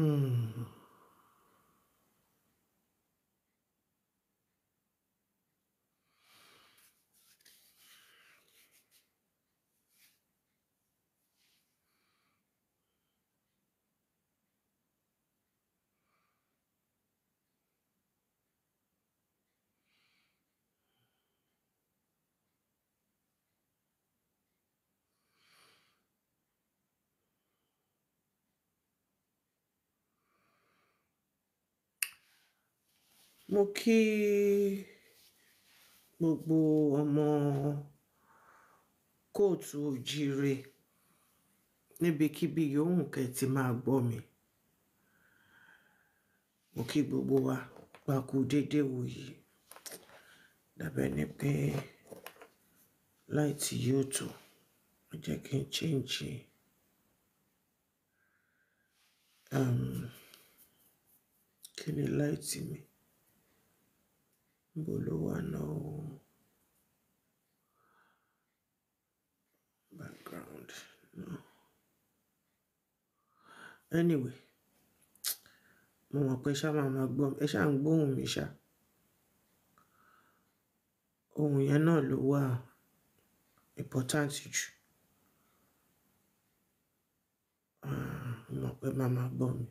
うん Mo kí gbogbo ọmọ kóòtù òjire níbikíbi yòówù kẹ́ ti máa gbọ́ mi. Mo kí gbogbo wa pa kú dédé wò yìí. Dàbí ẹni pé láìtì yóò tó, ó jẹ́ kí n change. Um, kí ni láìtì mi? Níbo ló wà náà Background, no. Anyway, mo mọ̀ pé ṣá máa ma gbọ́, ẹ ṣá ń gbóhùn mi ṣá. Ohun yẹn náà ló wà important jù. Ah, mo mọ̀ pé màá ma gbọ́ mi.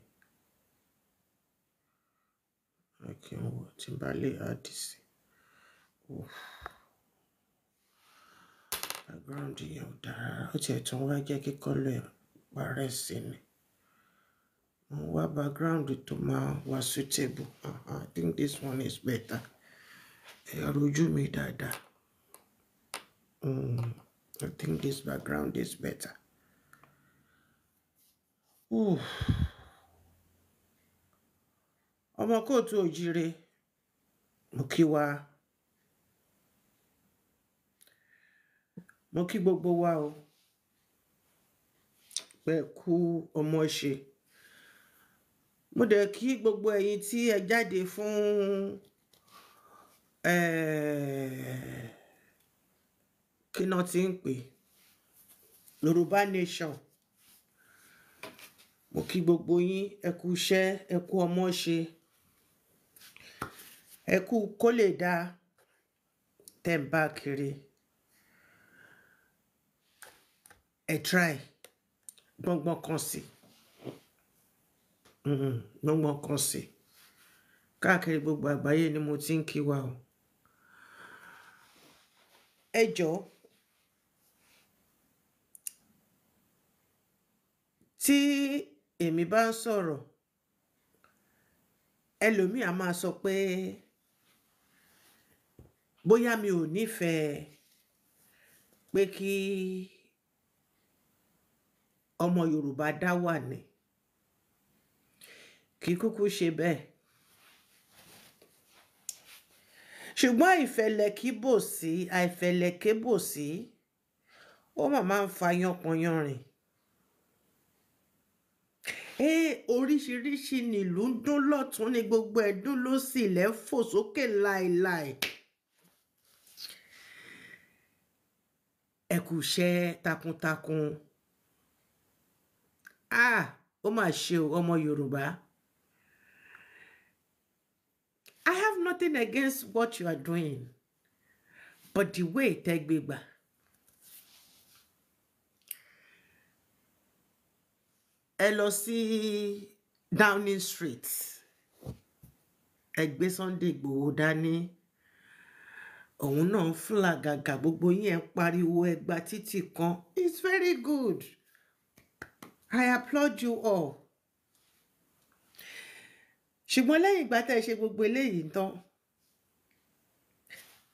Okay, wò tí n bá lè add sí. Background yẹn ò dára. Ó tiẹ̀ tún wá jẹ́ kí kọ́lọ̀ ẹ̀ parẹ́ sí ni. Mo wá background tó máa wá suitable. Uh-huh. I think this one is better. Ẹ rojú mi dáadáa. Mm. I think this background is better. Oof. Ọmọ kóòtù òjire, mo kí wa. mo kí gbogbo wa o pé kú ọmọ ṣe mo dẹ̀ kí gbogbo ẹ̀yin tí ẹ jáde fún kí náà ti ń pè Yorùbá Nation mo kí gbogbo yín ẹ kú iṣẹ́ ẹ kú ọmọ ṣe ẹ kú kó lè dáa tẹ̀ ń bá kiri. ẹ try gbọ́ngbọ́n kan sí gbọ́ngbọ́n kan sí káàkiri gbogbo àgbáyé ni mo ti ń kí wa o ẹ jọ̀ọ́ tí èmi bá ń sọ̀rọ̀ ẹlòmíì á máa sọ pé bóyá mi ò nífẹ̀ẹ́ pé kí. Ki ọmọ yorùbá dá wà ní kì í kúkú ṣe bẹ́ẹ̀ ṣùgbọ́n ìfẹ̀lẹ̀kíbòsí àìfẹ̀lẹ̀kébòsí ó mà máa ń fa yánpọnyánrin ee oríṣiríṣi nìlú ń dún lọ́tún ní gbogbo ẹ̀dún ló sì lẹ́ fò sókè láìláì ẹ̀kúṣẹ́ takuntakun ah ó mà ṣe o ọmọ yorùbá i have nothing against what you are doing but the way tẹgbẹgbà ẹ lọ sí Downing Street ẹ gbé Sunday Igboho dání òun náà ń fúlàgàgà gbogbo yín ẹ pariwo ẹgbà títì kan it's very good. I applaud you all. ṣùgbọ́n lẹ́yìn ìgbà tẹ́ ẹ ṣe gbogbo eléyìí tán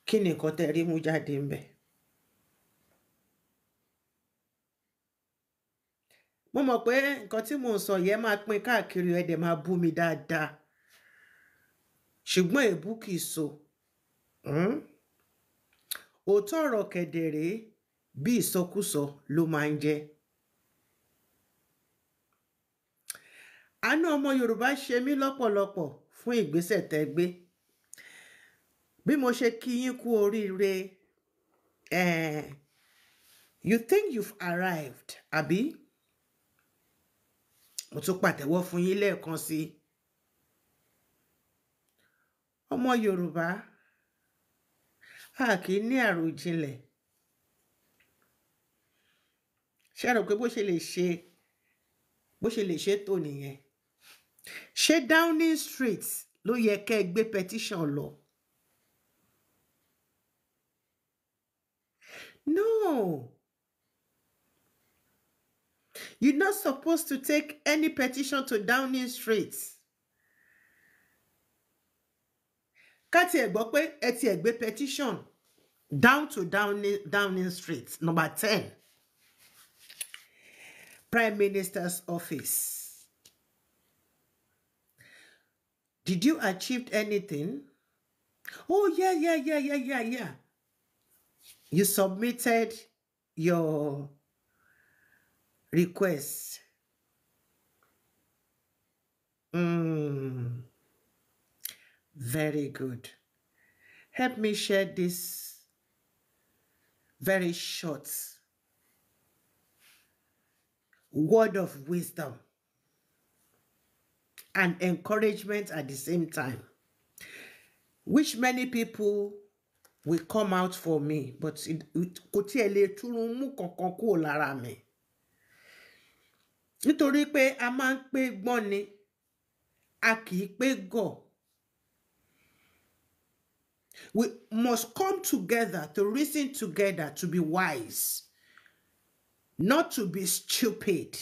kí ni nǹkan tẹ́ rí mú jáde ń bẹ̀. mo mọ̀ pé nǹkan tí mò ń sọ yẹn máa pín káàkiri ẹ̀ máa bú mi dáadáa ṣùgbọ́n èébú kì so hmm? òótọ́ ọ̀rọ̀ kẹ̀dẹ̀ rèé bí ìsọkúsọ ló máa ń jẹ́. àánú ọmọ yorùbá ṣe mí lọ́pọ̀lọpọ̀ fún ìgbésẹ̀ tẹ́ gbé bí mo ṣe kí yín kú oríire eh, you think you've arrived àbí mo tún pàtẹ́wọ́ fún yín lẹ́ẹ̀kan sí i ọmọ yorùbá a kì í ní àròjinlẹ̀ ṣe rò pé bó ṣe lè ṣe bó ṣe lè ṣe tó nìyẹn ṣé Downing Street ló yẹ kẹ́ ẹ gbé petition lọ. No. You're not supposed to take any petition to Downing Street. Ká tiẹ̀ gbọ́ pé ẹ tiẹ̀ gbé petition down to Downing, Downing Street, number ten, Prime Minister's office. Did you achieve anything? Oh, yeah, yeah, yeah, yeah, yeah, yeah. You submitted your request. Mm. Very good. Help me share this very short word of wisdom and encouragement at the same time, which many people will come out for me, but kò tiẹ̀ lè túrun mú kankan kúrò lára mi. Nítorí pé a máa ń pé gbọ́n ni, a kì í pé gọ̀. We must come together to reason together to be wise, not to be stupid.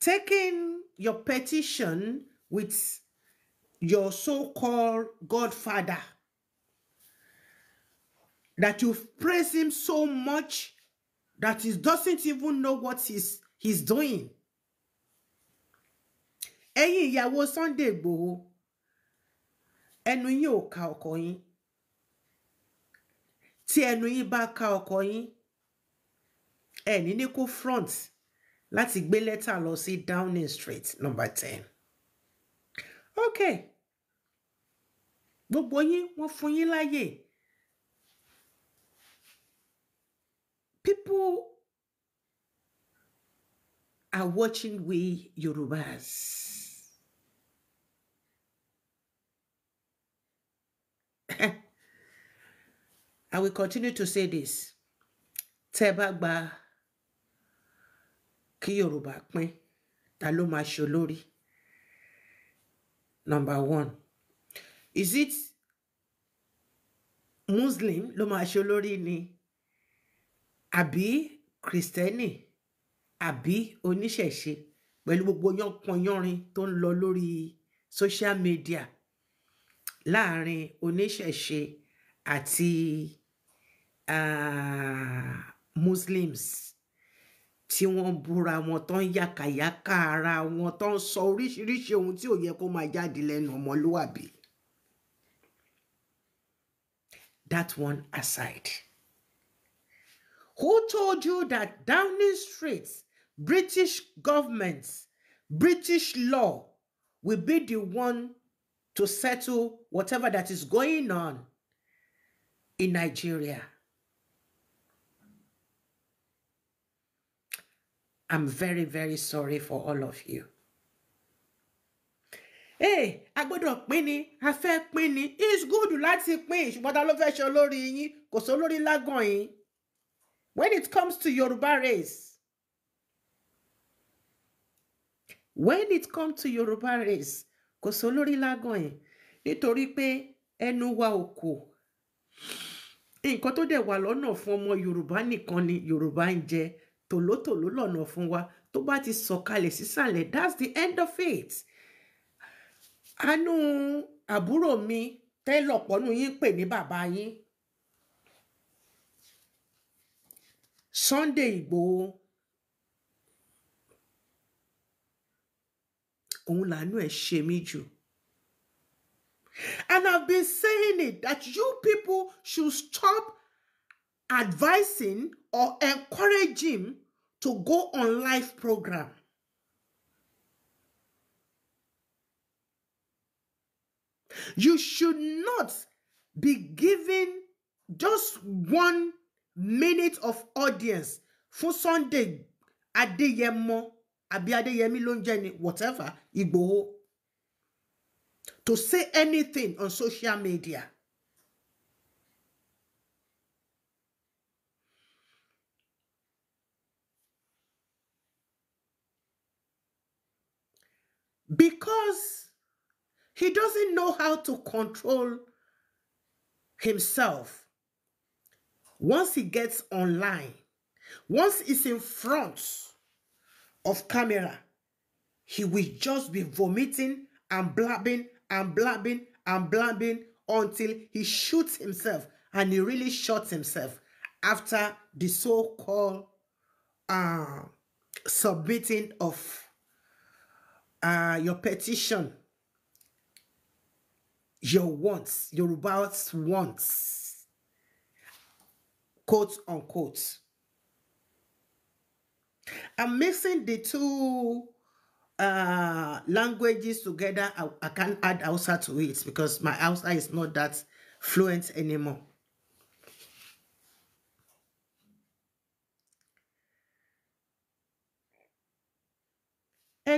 taking your petition with your so-called godfather that you've praised him so much that he doesn't even know what he's, he's doing. Ẹ̀yin ìyàwó Sunday Igboho ẹnu yín ò ka ọkọ yín tí ẹnu yín bá ka ọkọ yín ẹ ní ní kó front láti gbé lẹ́tà lọ sí Downing Street number ten. ok gbogbo yín wọ́n fún yín láyè people are watching we Yorubas. I will continue to say this. Tẹ́ bá gba kí yorùbá pín ta ló máa ṣe number one is it muslim ló máa ṣe olórí ni àbí kristẹni àbí oníṣẹ̀ṣe pẹ̀lú gbogbo yánpọnyánrin tó ń lọ lórí social media láàrin oníṣẹ̀ṣe àti uh, muslims tí wọ́n búra wọn tó yàkàyàkà ara wọn tó sọ oríṣiríṣi ohun tí ò yẹ kó máa jáde lẹ́nu ọmọlúwàbí. That one aside. Who told you that Downing Street, British government, British law will be the one to settle whatever that is going on in Nigeria? I'm very, very sorry for all of you. Hey, a gbọ́dọ̀ pín ni a fẹ́ pín ni it's good láti pín ṣùgbọ́n ta ló fẹ́ ṣe olórí yín kò sí olórí lágàn yín when it comes to Yoruba race when it comes to Yoruba race kò sí olórí lágàn yín nítorí pé ẹnu wa ò kò nǹkan tó dẹ̀ wà lọ́nà fún ọmọ Yorùbá nìkan ni Yorùbá ń jẹ tòlótòló lọ́nà fún wa tó bá ti sọ̀kalẹ̀ sísàlẹ̀ that's the end of it. anú àbúrò mi tẹ́lọ̀pọ̀nù yín pè ní bàbá yín Sunday Ìgbòho òun làánú ẹ̀ ṣe mí jù. And I've been saying it that you people should stop advising or encouraging to go on live program. You should not be given just one minute of audience for Sunday Adéyẹmọ àbí Adéyẹmí ló ń jẹ ni whatever Ìgbòho to say anything on social media. because he doesn't know how to control himself. Once he gets online, once he's in front of camera, he will just be vomiting and blabbing and blabbing and blabbing until he shoots himself and he really shoots himself after the so-called uh, submitting of uh, your petition, your wants, your Yoruba's wants, quote unquote. I'm mixing the two uh, languages together. I, I can't add Hausa to it because my Hausa is not that fluent anymore.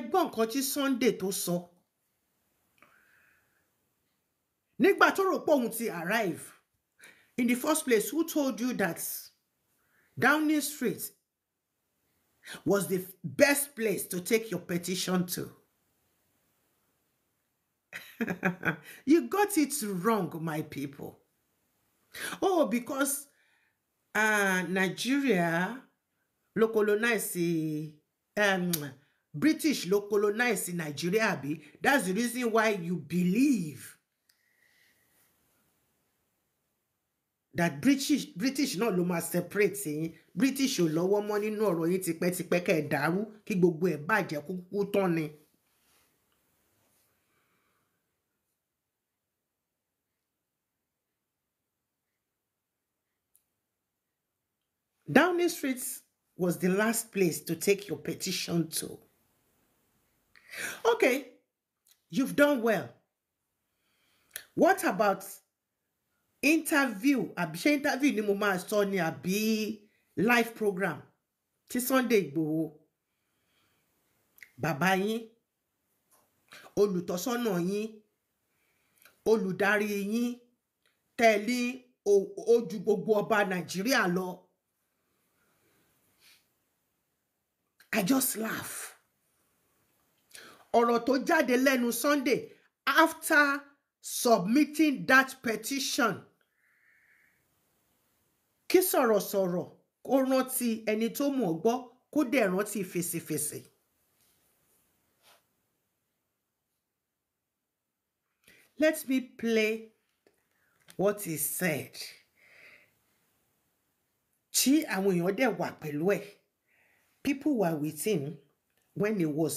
gbọ́ nǹkan tí Sunday tó sọ nígbà tó rò pé òun ti arrive in the first place who told you that Downing Street was the best place to take your petition to you got it wrong my people oh because uh, Nigeria lo colonize um, british ló colonize nigeria bí that's the reason why you believe that british british náà ló máa separate yín british ò lọ́wọ́ mọ́ nínú ọ̀rọ̀ yín tipẹ́tipẹ́ kẹ́ ẹ̀ dàrú kí gbogbo ẹ̀ bàjẹ́ kúkú tán ni. Downing Street was the last place to take your petition to. Okay, you've done well. What about interview àbí ṣé interview ni mo máa sọ ni àbí live program ti Sunday Igboho bàbá yín olùtọ́sọ́nà yín olùdarí yín tẹ̀lé ojú gbogbo ọba Nigeria lọ I just laugh ọ̀rọ̀ tó jáde lẹ́nu Sunday after submitting that petition kí sọ̀rọ̀sọ̀rọ̀ kó rántí ẹni tó mọ̀ ọ́ gbọ́ kó dẹ̀ rántí fèsìfèsì. Let me play what he said. Tí àwọn èèyàn dẹ̀ wà pẹ̀lú ẹ̀. People were with him when he was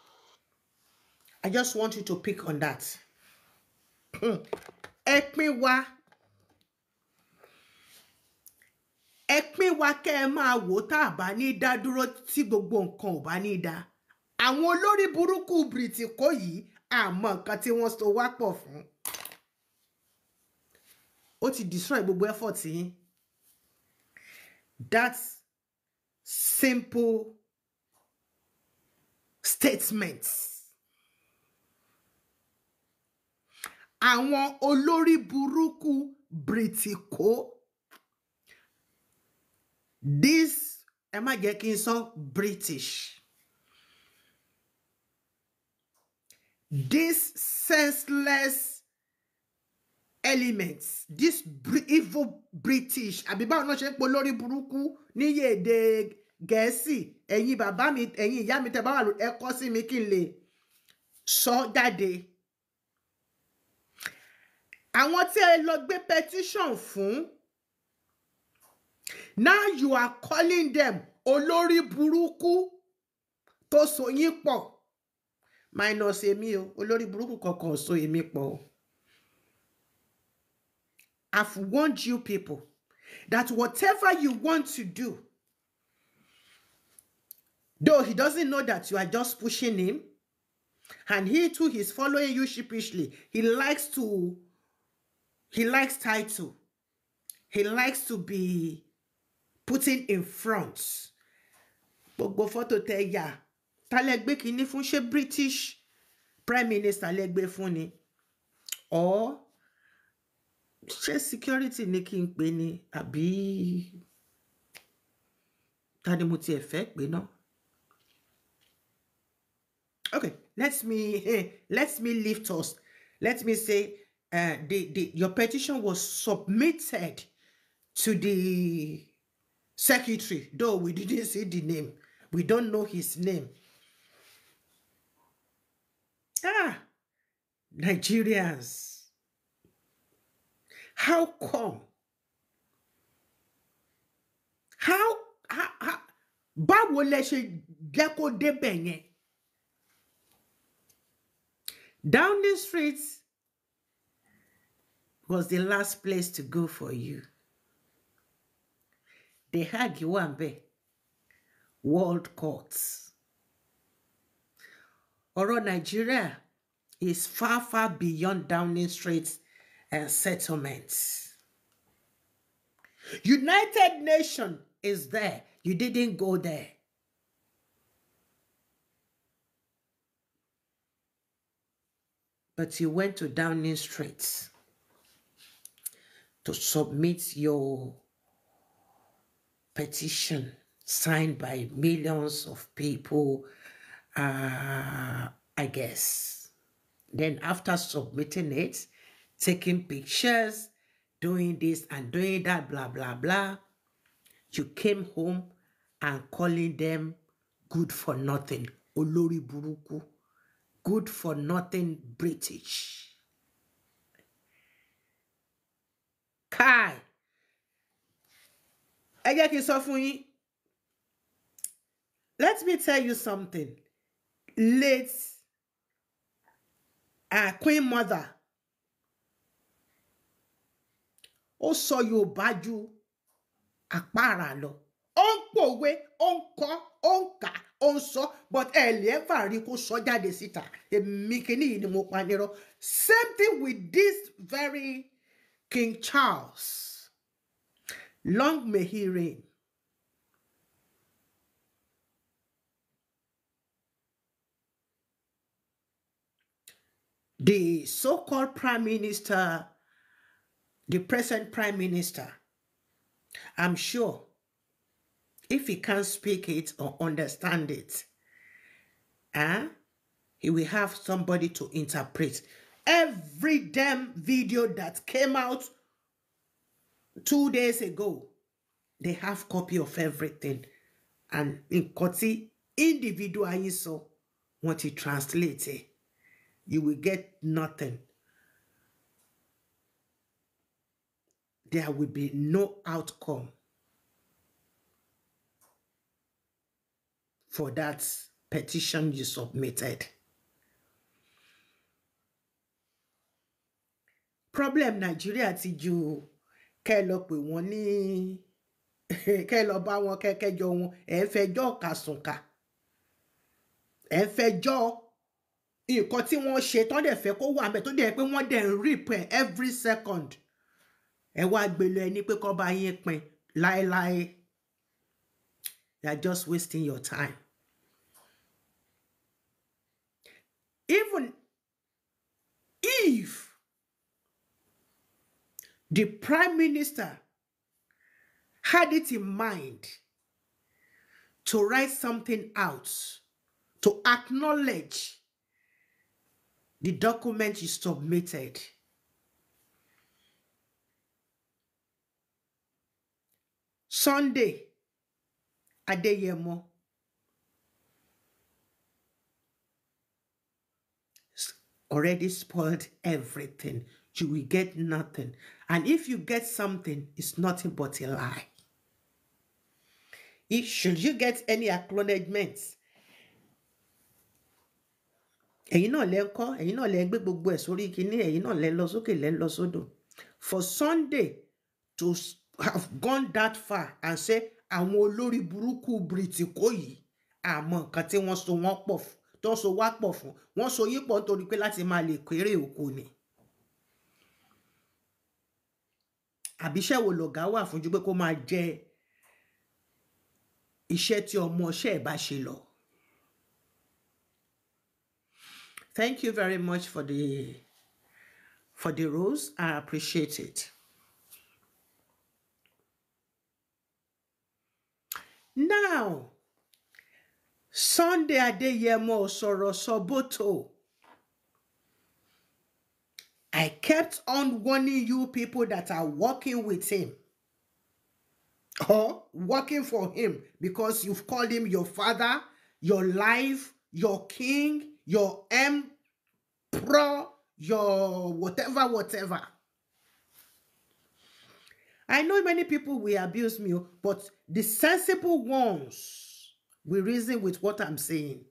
I just want you to pick on that. Ẹ pín wa. Ẹ pín wa kẹ́ ẹ máa duro tá a bá ní dá dúró tí gbogbo nǹkan ò bá ní dá. Àwọn olórí burúkú Bìrìtìkó yìí àmọ́ nǹkan tí wọ́n so wá pọ̀ fún. Ó ti destroy gbogbo effort yín. That simple statement. àwọn olórí burúkú bìrìtìkó this ẹ má jẹ́ kí n sọ British this senseless elements this evil british àbí báwo náà ṣe ń pè lórí burúkú níyè èdè gẹ̀ẹ́sì ẹ̀yin bàbá mi ẹ̀yin ìyá mi tẹ́ bá wà ẹ kọ sí mi kí n lè sọ jáde àwọn tí ẹ lọ gbé petition fún now you are calling them olórí burúkú tó so yín pọ̀ minus èmi o olórí burúkú kankan so èmi pọ̀ o I've warned you people that whatever you want to do though he doesn't know that you are just pushing him and he too is following you sheepishly he likes to He likes title. He likes to be putting in front. Gbogbo fọ́tò tẹ yà. Ta lẹ gbé kínní fún ṣé British Prime Minister lẹ gbé fún ni? Or ṣé security ni kí n pè ní àbí ta ni mo tiẹ̀ fẹ́ pè náà? Okay, let me let me lift us. Let me say uh, the, the, your petition was submitted to the secretary, though we didn't see the name. We don't know his name. Ah, Nigerians. How come? How, how, how báwo lẹ ṣe jẹ́ kó débẹ̀ yẹn? Downing was the last place to go for you. The had world courts. Oro Nigeria is far, far beyond Downing Street and settlements. United Nation is there. You didn't go there. But you went to Downing Street. to submit your petition signed by millions of people, uh, I guess. Then after submitting it, taking pictures, doing this and doing that, blah, blah, blah, you came home and calling them good for nothing, Olori Buruku, good for nothing British. kai ẹ jẹ́ kí n sọ fún let me tell you something late uh, queen mother ó sọ Yorùbá ju àpáàrà lọ ó ń pòwe ó ń kọ́ ó ń but ẹ lè fà rí kó sọ jáde síta èmi kìíní ni mo pa same thing with this very King Charles, long may he reign. The so-called prime minister, the present prime minister, I'm sure if he can't speak it or understand it, eh, he will have somebody to interpret every damn video that came out two days ago they have copy of everything and in tí individual yín So, wọ́n you translate it e. you will get nothing there will be no outcome for that petition you submitted. problem nàìjíríà ti ju kẹ lọ pè wọn ní kẹ lọ bá wọn kẹkẹjọ wọn ẹ ń fẹjọ́ kàsùnkà ẹ ń fẹjọ́ nǹkan tí wọ́n ṣe tó dẹ̀ fẹ́ kó wà mẹ tó dẹ̀ pé wọ́n dẹ̀ ń rip ẹ every second ẹ wá gbélé ẹni pé kó bá yín pin láéláé you are just wasting your time. even if The prime minister had it in mind to write something out to acknowledge the document you submitted. Sunday, Adeyemo. Already spoiled everything. You will get nothing. And if you get something, it's nothing but a lie. If, should you get any acknowledgement? ẹ̀yin náà lẹ ń kọ́ ẹ̀yin náà lẹ ń gbé gbogbo ẹ̀ sórí kínní ẹ̀yin náà lẹ ń lọ sókè lẹ ń lọ sódò for Sunday to have gone that far and say àwọn olórí burúkú bìrìtìkó yìí àmọ́ nǹkan tí wọ́n so wọ́n pọ̀ tó so wá pọ̀ fún wọ́n so yín pọ̀ nítorí pé láti máa lè kéré òkú ni. àbíṣẹ́ wo lọ̀gá wà fún ju pé kó máa jẹ iṣẹ́ tí ọmọ ọṣẹ́ ẹ̀ bá ṣe lọ. Thank you very much for the for the rose. I appreciate it. Now, Sunday Adeyemo Osoro Soboto I kept on warning you people that are working with him or working for him because you've called him your father, your life, your king, your emperor, your whatever, whatever. I know many people will abuse me, but the sensible ones will reason with what I'm saying.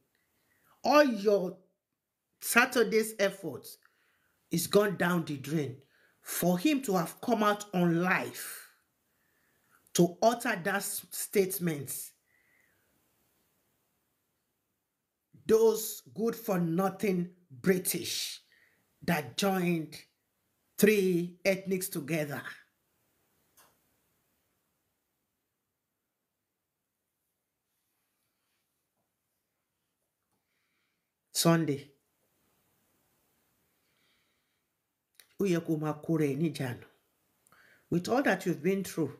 All your Saturday's efforts is gone down the drain. For him to have come out on life, to utter that statement, those good for nothing British that joined three ethnics together. Sunday. ó yẹ kó máa kóra ẹ níjànú with all that you've been through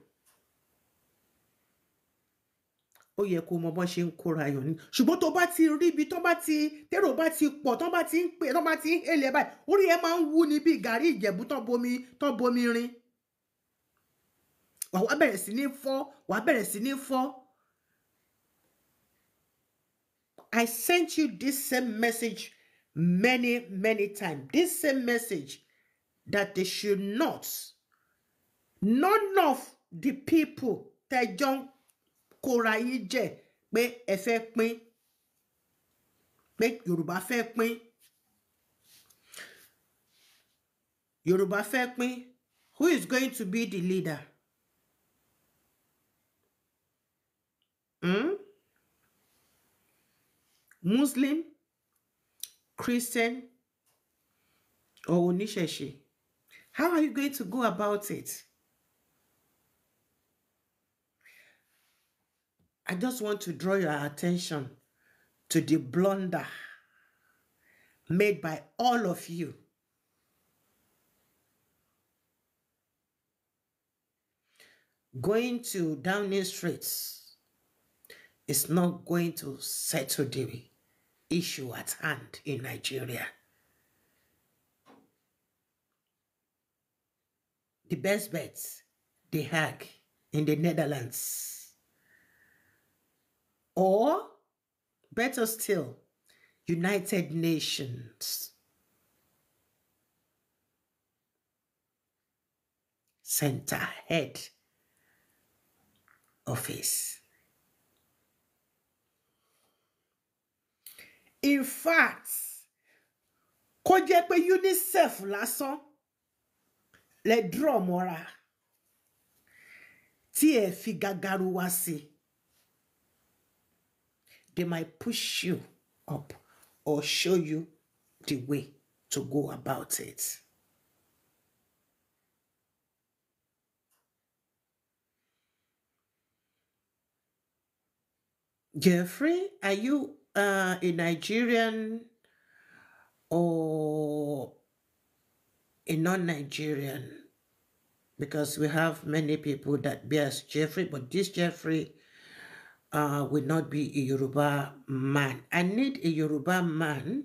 ó yẹ kó mọ bọ́n ṣe ń kóra yàn ni ṣùgbọ́n tó bá ti rí ibi tó bá ti tèrò bá ti pọ̀ tó bá ti ń pè tó bá ti ń hélè báyìí orí ẹ máa ń wú ni bí gàrí ìjẹ̀bú tó bomi tó bomi rin wà wá bẹ̀rẹ̀ sí ní fọ́ wà bẹ̀rẹ̀ sí ní fọ́. I sent you this same message many many times this same message that they should not none of the people tẹjọ ń kóra yín jẹ pé ẹ fẹ́ pín pé Yorùbá fẹ́ pín Yorùbá fẹ́ pín who is going to be the leader? Hmm? Muslim, Christian, or Oníṣẹ̀ṣe? How are you going to go about it? I just want to draw your attention to the blunder made by all of you. Going to Downing Streets is not going to settle the issue at hand in Nigeria. the best bets, The Hague in the Netherlands. Or, better still, United Nations. Center head office. In fact, could you be UNICEF lásán lẹ draw mọ́ra tí ẹ fi gàgàrú wá sí they might push you up or show you the way to go about it. Jeffrey, are you uh, a Nigerian or a non-Nigerian because we have many people that bears Jeffrey, but this Jeffrey uh, will not be a Yoruba man. I need a Yoruba man.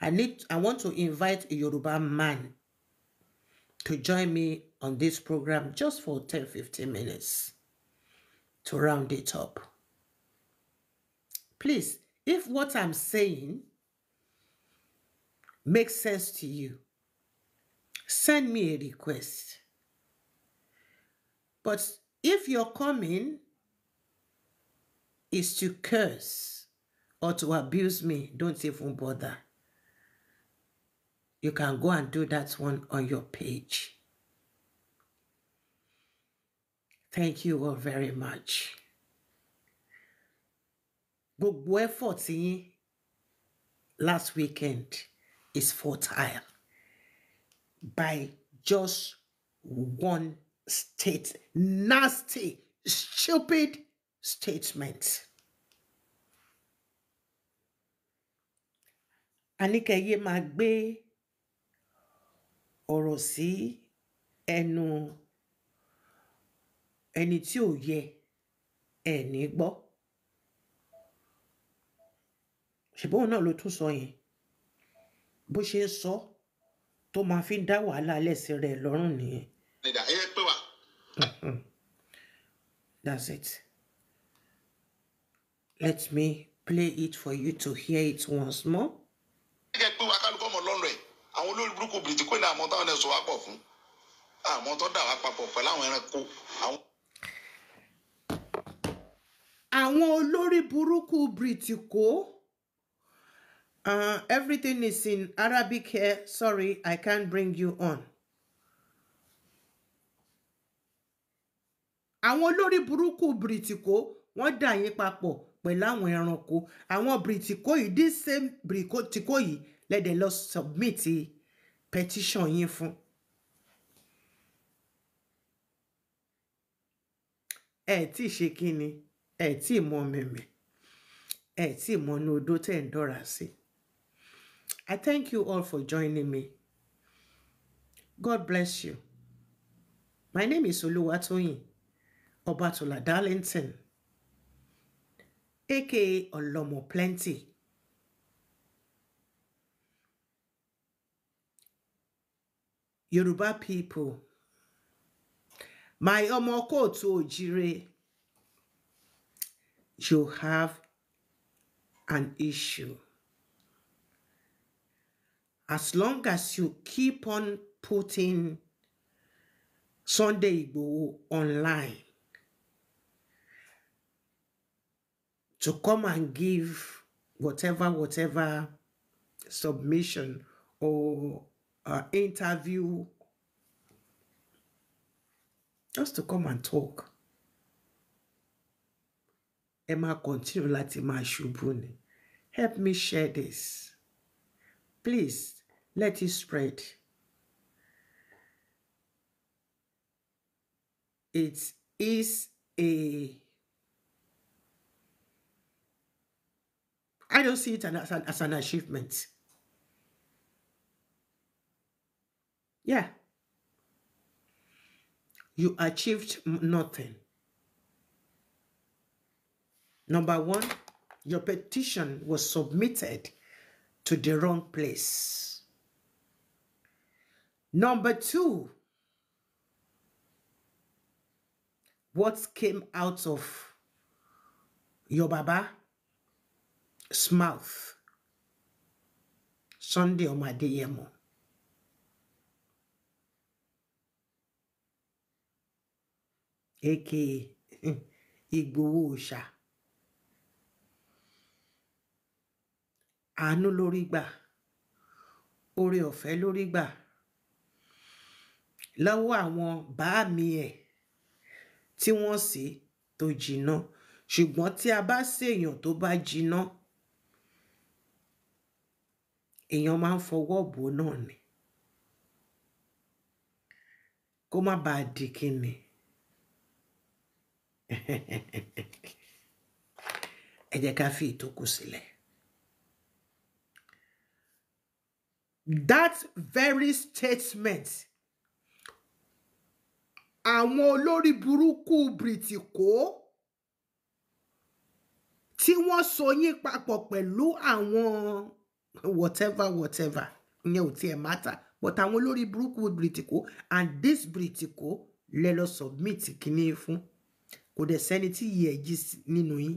I need. I want to invite a Yoruba man to join me on this program just for 10, 15 minutes to round it up. Please, if what I'm saying makes sense to you, send me a request. But if your coming is to curse or to abuse me, don't even bother. You can go and do that one on your page. Thank you all very much. Gbogbo effort last weekend is fertile. by just one state. Nasty, stupid statement. Aníkẹ́yẹ máa gbé ọ̀rọ̀ sí ẹnu ẹni tí ò yẹ ẹni gbọ́. Ṣùgbọ́n òun náà ló tún sọ yẹn. Bó ṣe So, tó máa fi dá wàhálà lẹ́sìn rẹ̀ lọ́rùn nìyẹn. nìdá ẹ pé wa. that's it let me play it for you to hear it once more. gẹ́gẹ́ pé wa kálukọ́ ọmọ lọ́rùn ẹ̀ àwọn olórí burúkú bìrìtì kò ní àmọ́ táwọn ẹ̀ sọ wá pọ̀ fún àmọ́ tó dà wá papọ̀ pẹ̀lú àwọn ẹranko. àwọn olórí burúkú bìrìtì kò. Uh, everything is in Arabic here. Sorry, I can't bring you on. Àwọn olórí burúkú Bìrìtìkó wọ́n dà yín papọ̀ pẹ̀lú àwọn ẹranko. Àwọn Bìrìtìkó yìí this same Bìrìtìkó let lẹ́dẹ̀ lọ submit petition yín fún. Ẹ tí ì ṣe kí ni? Ẹ tí ì mọ mẹ̀mẹ̀. Ẹ tí ì Si. I thank you all for joining me. God bless you. My name is Oluwatoyin Obatola Darlington, aka Olomo Plenty. Yoruba people, my Omoko to Ojire, you have an issue as long as you keep on putting Sunday Igboho online to come and give whatever, whatever submission or uh, interview, just to come and talk. Emma, continue letting my ṣubú Help me share this. Please Let it spread. It is a I don't see it as an, as an achievement. Yeah. You achieved nothing. Number one, your petition was submitted to the wrong place. Number two, what came out of your baba's mouth? Sunday or my Omadeyemo. aka Igboho Anu Àánú lórí gbà, oore lori lórí lọ́wọ́ àwọn báàmì ẹ̀ tí wọ́n sè tó jiná ṣùgbọ́n tí a bá ṣèyàn tó bá jiná èèyàn máa ń fọwọ́ bò náà ni kó má bàa di kíni ẹ jẹ́ ká fi ìtókù sílẹ̀. That very statement àwọn olórí burúkú bìrìtìkó tí wọ́n so yín papọ̀ pẹ̀lú àwọn whatever whatever ìyẹn ò tiẹ̀ mátà but àwọn olórí burúkú bìrìtìkó and this bìrìtìkó lẹ lọ submit kíní fún kò dẹ̀ sẹ́ni tí yìí ẹ̀ jí nínú yín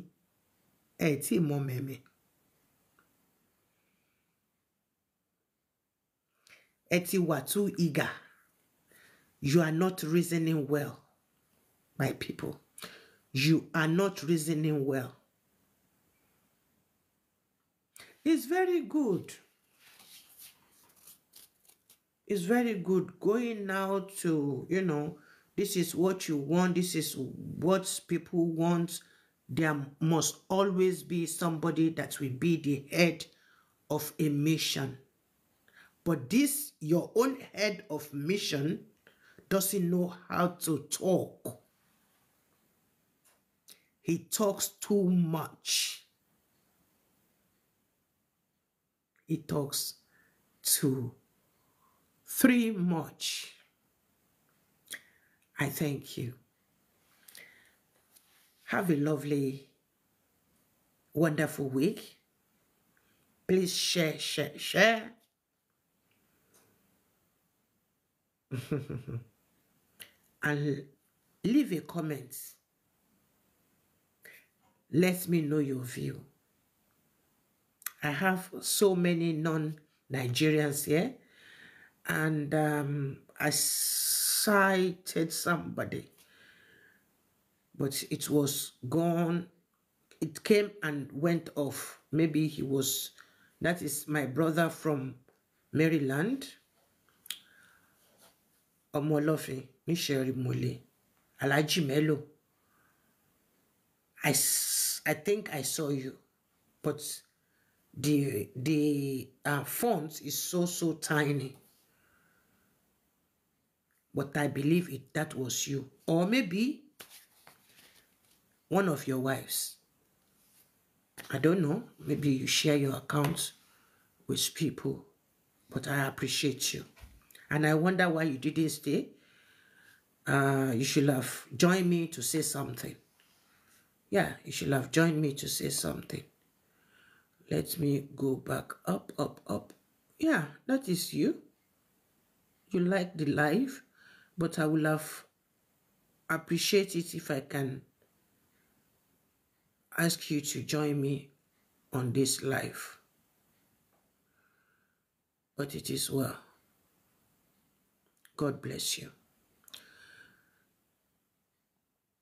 ẹ̀ tí ì mọ mẹ̀mẹ́. ẹ ti wà too eager You are not reasoning well, my people. You are not reasoning well. It's very good. It's very good going now to, you know, this is what you want, this is what people want. There must always be somebody that will be the head of a mission. But this, your own head of mission, doesn't know how to talk. He talks too much. He talks too three much. I thank you. Have a lovely, wonderful week. Please share, share, share. and leave a comment. Let me know your view. I have so many non-Nigerians here and um, I cited somebody but it was gone. It came and went off. Maybe he was, that is my brother from Maryland, Omolofi. Michelle Mole, Alaji Melo. I, I think I saw you, but the the uh, font is so so tiny. But I believe it that was you, or maybe one of your wives. I don't know. Maybe you share your account with people, but I appreciate you, and I wonder why you didn't stay. Uh, you should have joined me to say something. Yeah, you should have joined me to say something. Let me go back up, up, up. Yeah, that is you. You like the life, but I will have appreciate it if I can ask you to join me on this life. But it is well. God bless you.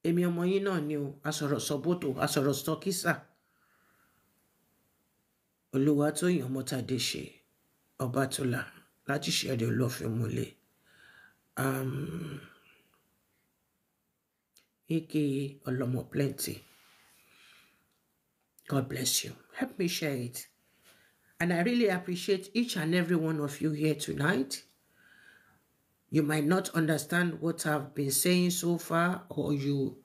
èmi ọmọ yín náà ni o asọ̀rọ̀ sọ́bòtò asọ̀rọ̀ sọ́kísà olúwa tó yàn mọ́tàdé ṣe ọba tó là láti ṣẹ̀rẹ̀ olófin múlẹ̀ ike ọlọmọ plenty God bless you help me share it and I really appreciate each and every one of you here tonight. You might not understand what I've been saying so far, or you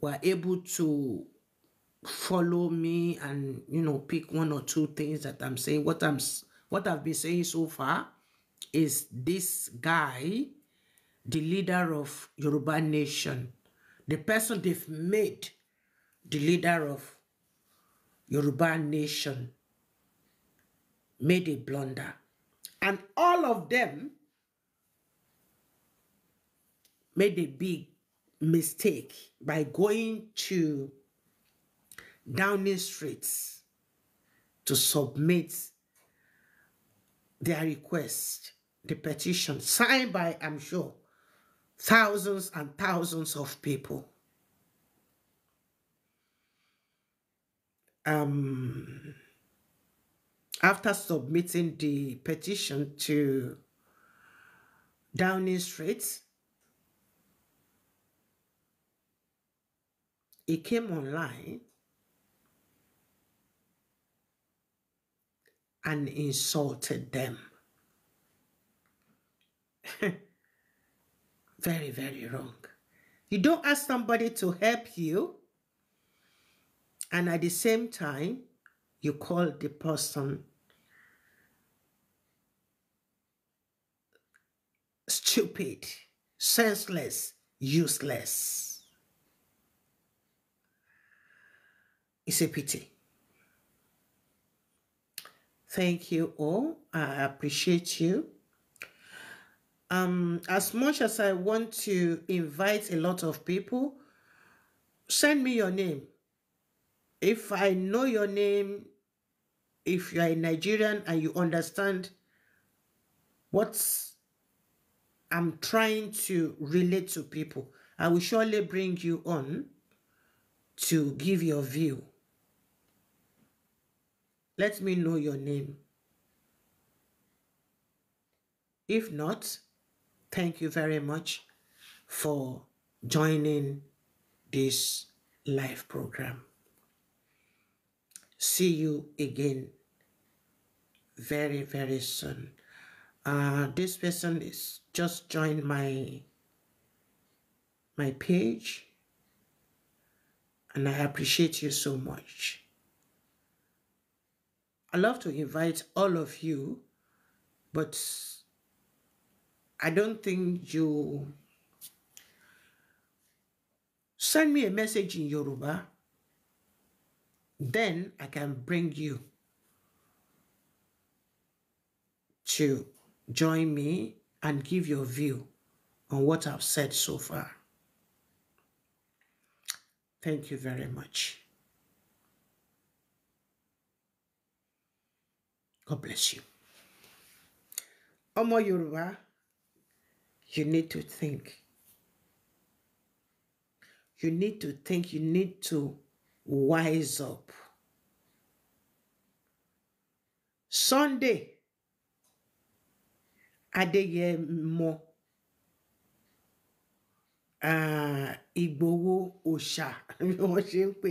were able to follow me and you know pick one or two things that I'm saying. What I'm what I've been saying so far is this guy, the leader of Yoruba Nation, the person they've made the leader of Yoruba Nation made a blunder. And all of them made a big mistake by going to Downing Street to submit their request, the petition signed by, I'm sure, thousands and thousands of people. Um, after submitting the petition to Downing Street, He came online and insulted them. very, very wrong. You don't ask somebody to help you, and at the same time, you call the person stupid, senseless, useless. It's a pity. Thank you all. I appreciate you. Um, as much as I want to invite a lot of people, send me your name. If I know your name, if you are a Nigerian and you understand what I'm trying to relate to people, I will surely bring you on to give your view. Let me know your name. If not, thank you very much for joining this live program. See you again very, very soon. Uh, this person is just joined my my page and I appreciate you so much. I love to invite all of you, but I don't think you send me a message in Yoruba, then I can bring you to join me and give your view on what I've said so far. Thank you very much. God bless you. Omo Yoruba, you need to think. You need to think. You need to wise up. Sunday, Adéyẹmọ, uh, Ìgbòho osha bí wọ́n ṣe ń pè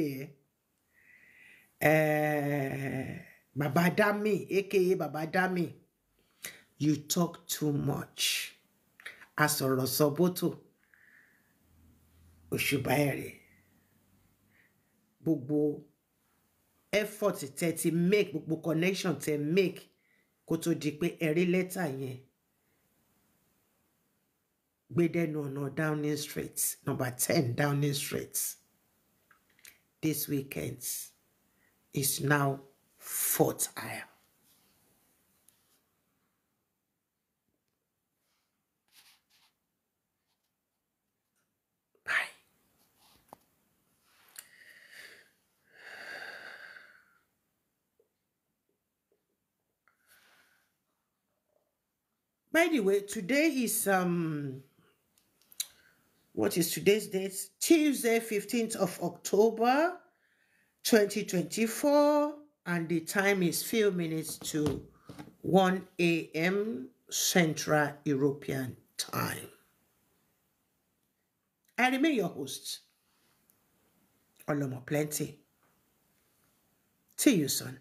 Baba Dami, aka Baba Dami, you talk too much. Asọ̀rọ̀ sọ́bótò, òṣùbà Bugbo, gbogbo effort tẹ make, bugbo connection to make kó tó di pé ẹ̀rí lẹ́tà no no Downing Street, number ten Downing Street, this weekend is now. fourth eye. Bye. By the way, today is um what is today's date? Tuesday, 15th of October 2024 and the time is few minutes to 1 a.m. Central European Time. I remain your host, Olomo Plenty. See you soon.